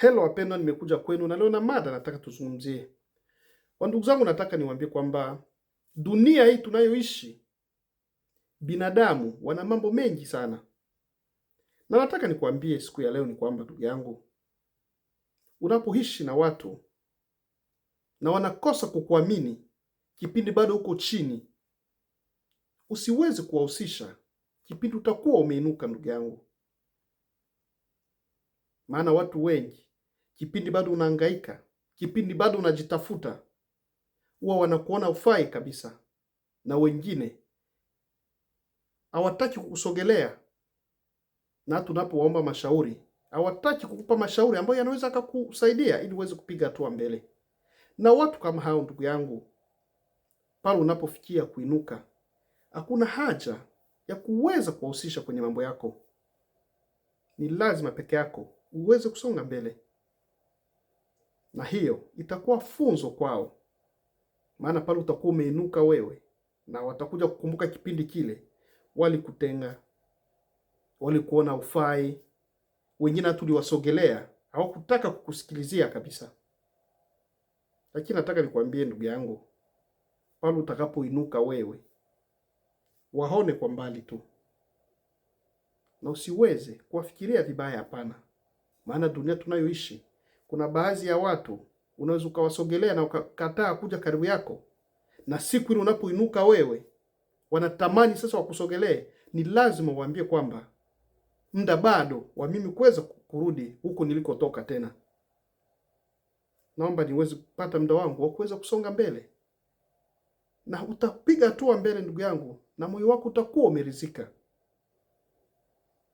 Hello wapendwa, nimekuja kwenu na leo na mada nataka tuzungumzie. Wandugu zangu, nataka niwaambie kwamba dunia hii tunayoishi, binadamu wana mambo mengi sana, na nataka nikuambie siku ya leo ni kwamba, ndugu yangu, unapoishi na watu na wanakosa kukuamini kipindi bado uko chini, usiweze kuwahusisha kipindi utakuwa umeinuka, ndugu yangu maana watu wengi kipindi bado unahangaika, kipindi bado unajitafuta, huwa wanakuona ufai kabisa, na wengine hawataki kukusogelea, na tunapowaomba mashauri hawataki kukupa mashauri ambayo yanaweza akakusaidia ili uweze kupiga hatua mbele. Na watu kama hao, ndugu yangu, pale unapofikia kuinuka, hakuna haja ya kuweza kuwahusisha kwenye mambo yako. Ni lazima peke yako uweze kusonga mbele na hiyo itakuwa funzo kwao, maana pale utakuwa umeinuka wewe, na watakuja kukumbuka kipindi kile walikutenga, walikuona ufai. Wengine hata uliwasogelea, hawakutaka kukusikilizia kabisa. Lakini nataka nikwambie ndugu yangu, pale utakapoinuka wewe, waone kwa mbali tu na usiweze kuwafikiria vibaya. Hapana, maana dunia tunayoishi kuna baadhi ya watu unaweza ukawasogelea na ukakataa kuja karibu yako, na siku ile unapoinuka wewe wanatamani sasa wakusogelee. Ni lazima uwaambie kwamba muda bado wa mimi kuweza kurudi huko nilikotoka tena, naomba niweze kupata muda wangu wa kuweza kusonga mbele. Na utapiga hatua mbele, ndugu yangu, na moyo wako utakuwa umeridhika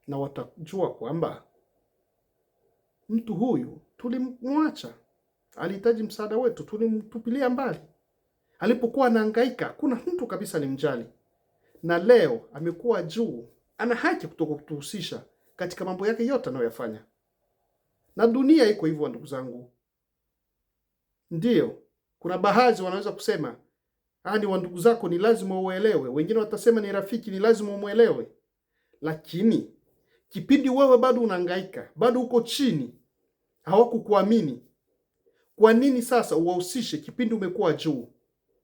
na watajua kwamba mtu huyu tulimwacha, alihitaji msaada wetu, tulimtupilia mbali. Alipokuwa anahangaika, kuna mtu kabisa alimjali, na leo amekuwa juu. Ana haki kutoka kutuhusisha katika mambo yake yote anayoyafanya, na dunia iko hivyo, ndugu zangu. Ndiyo, kuna baadhi wanaweza kusema ani ah, wa wandugu zako, ni lazima uelewe. Wengine watasema ni rafiki, ni lazima umwelewe, lakini kipindi wewe bado unahangaika, bado uko chini, hawakukuamini. Kwa nini sasa uwahusishe kipindi umekuwa juu?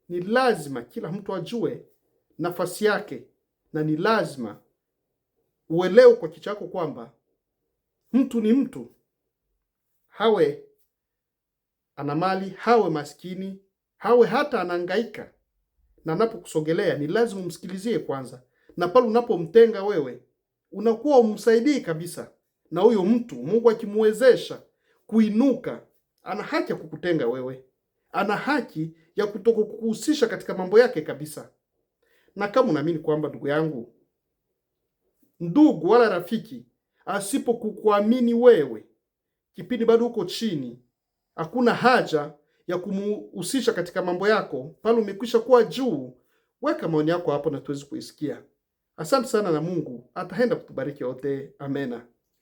Ni lazima kila mtu ajue nafasi yake, na ni lazima uelewe kwa kichwa chako kwamba mtu ni mtu, hawe ana mali, hawe maskini, hawe hata anahangaika, na anapokusogelea ni lazima umsikilizie kwanza, na pale unapomtenga wewe unakuwa umsaidii kabisa, na huyo mtu Mungu akimwezesha kuinuka, ana haki ya kukutenga wewe, ana haki ya kutokukuhusisha katika mambo yake kabisa. Na kama unaamini kwamba ndugu yangu, ndugu wala rafiki asipokukuamini wewe kipindi bado uko chini, hakuna haja ya kumuhusisha katika mambo yako pale umekwisha kuwa juu. Weka maoni yako hapo na tuwezi kuisikia. Asante sana na Mungu ataenda kutubariki wote. Amena.